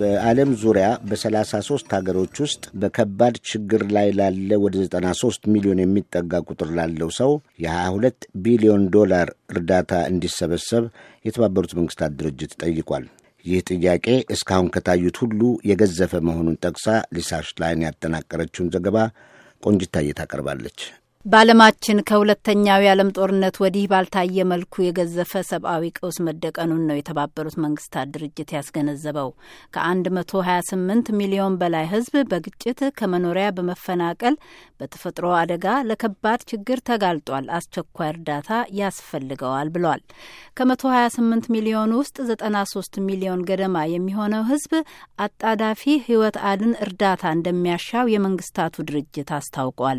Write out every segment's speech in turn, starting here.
በዓለም ዙሪያ በ33 ሀገሮች ውስጥ በከባድ ችግር ላይ ላለ ወደ 93 ሚሊዮን የሚጠጋ ቁጥር ላለው ሰው የ22 ቢሊዮን ዶላር እርዳታ እንዲሰበሰብ የተባበሩት መንግስታት ድርጅት ጠይቋል። ይህ ጥያቄ እስካሁን ከታዩት ሁሉ የገዘፈ መሆኑን ጠቅሳ ሊሳሽ ላይን ያጠናቀረችውን ዘገባ ቆንጅታዬ ታቀርባለች። በዓለማችን ከሁለተኛው የዓለም ጦርነት ወዲህ ባልታየ መልኩ የገዘፈ ሰብአዊ ቀውስ መደቀኑን ነው የተባበሩት መንግስታት ድርጅት ያስገነዘበው። ከ128 ሚሊዮን በላይ ህዝብ በግጭት ከመኖሪያ በመፈናቀል በተፈጥሮ አደጋ ለከባድ ችግር ተጋልጧል፣ አስቸኳይ እርዳታ ያስፈልገዋል ብሏል። ከ128 ሚሊዮን ውስጥ 93 ሚሊዮን ገደማ የሚሆነው ሕዝብ አጣዳፊ ሕይወት አድን እርዳታ እንደሚያሻው የመንግስታቱ ድርጅት አስታውቋል።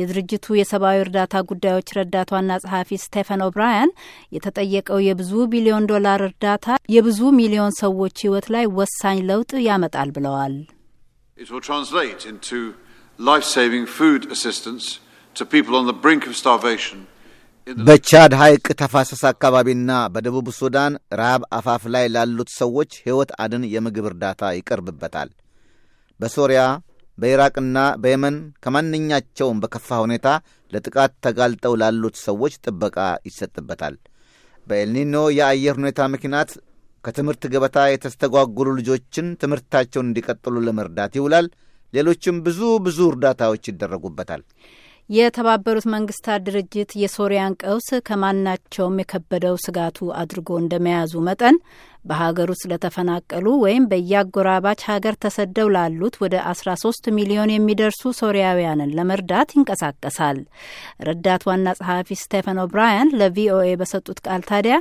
የድርጅቱ የሰብአዊ እርዳታ ጉዳዮች ረዳት ዋና ጸሐፊ ስቴፈን ኦብራያን የተጠየቀው የብዙ ቢሊዮን ዶላር እርዳታ የብዙ ሚሊዮን ሰዎች ሕይወት ላይ ወሳኝ ለውጥ ያመጣል ብለዋል። በቻድ ሐይቅ ተፋሰስ አካባቢና በደቡብ ሱዳን ረሃብ አፋፍ ላይ ላሉት ሰዎች ሕይወት አድን የምግብ እርዳታ ይቀርብበታል። በሶሪያ በኢራቅና በየመን ከማንኛቸውም በከፋ ሁኔታ ለጥቃት ተጋልጠው ላሉት ሰዎች ጥበቃ ይሰጥበታል። በኤልኒኖ የአየር ሁኔታ ምክንያት ከትምህርት ገበታ የተስተጓጉሉ ልጆችን ትምህርታቸውን እንዲቀጥሉ ለመርዳት ይውላል። ሌሎችም ብዙ ብዙ እርዳታዎች ይደረጉበታል። የተባበሩት መንግስታት ድርጅት የሶሪያን ቀውስ ከማናቸውም የከበደው ስጋቱ አድርጎ እንደመያዙ መጠን በሀገር ውስጥ ለተፈናቀሉ ወይም በየአጎራባች ሀገር ተሰደው ላሉት ወደ 13 ሚሊዮን የሚደርሱ ሶሪያውያንን ለመርዳት ይንቀሳቀሳል። ረዳት ዋና ጸሐፊ ስቴፈን ኦብራያን ለቪኦኤ በሰጡት ቃል ታዲያ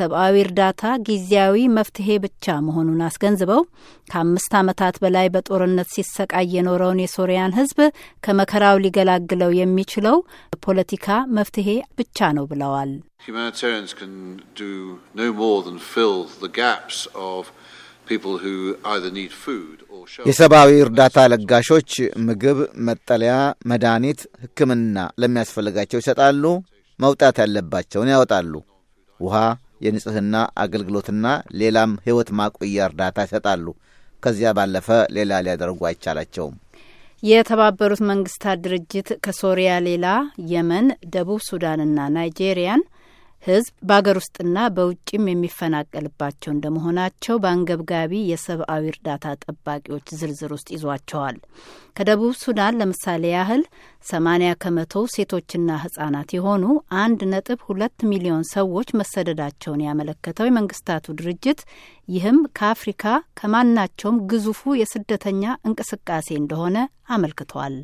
ሰብአዊ እርዳታ ጊዜያዊ መፍትሄ ብቻ መሆኑን አስገንዝበው ከአምስት ዓመታት በላይ በጦርነት ሲሰቃይ የኖረውን የሶሪያን ሕዝብ ከመከራው ሊገላግለው የሚችለው ፖለቲካ መፍትሄ ብቻ ነው ብለዋል። Humanitarians can do no more than fill the gaps of people who either need food or shelter. የሰብአዊ እርዳታ ለጋሾች ምግብ፣ መጠለያ፣ መድኃኒት፣ ሕክምና ለሚያስፈልጋቸው ይሰጣሉ። መውጣት ያለባቸውን ያወጣሉ። ውሃ፣ የንጽህና አገልግሎትና ሌላም ሕይወት ማቆያ እርዳታ ይሰጣሉ። ከዚያ ባለፈ ሌላ ሊያደርጉ አይቻላቸውም። የተባበሩት መንግስታት ድርጅት ከሶሪያ ሌላ የመን፣ ደቡብ ሱዳንና ናይጄሪያን ህዝብ በአገር ውስጥና በውጭም የሚፈናቀልባቸው እንደመሆናቸው በአንገብጋቢ የሰብአዊ እርዳታ ጠባቂዎች ዝርዝር ውስጥ ይዟቸዋል። ከደቡብ ሱዳን ለምሳሌ ያህል 8 ከመቶ ሴቶችና ህጻናት የሆኑ አንድ ነጥብ ሁለት ሚሊዮን ሰዎች መሰደዳቸውን ያመለከተው የመንግስታቱ ድርጅት ይህም ከአፍሪካ ከማናቸውም ግዙፉ የስደተኛ እንቅስቃሴ እንደሆነ አመልክቷል።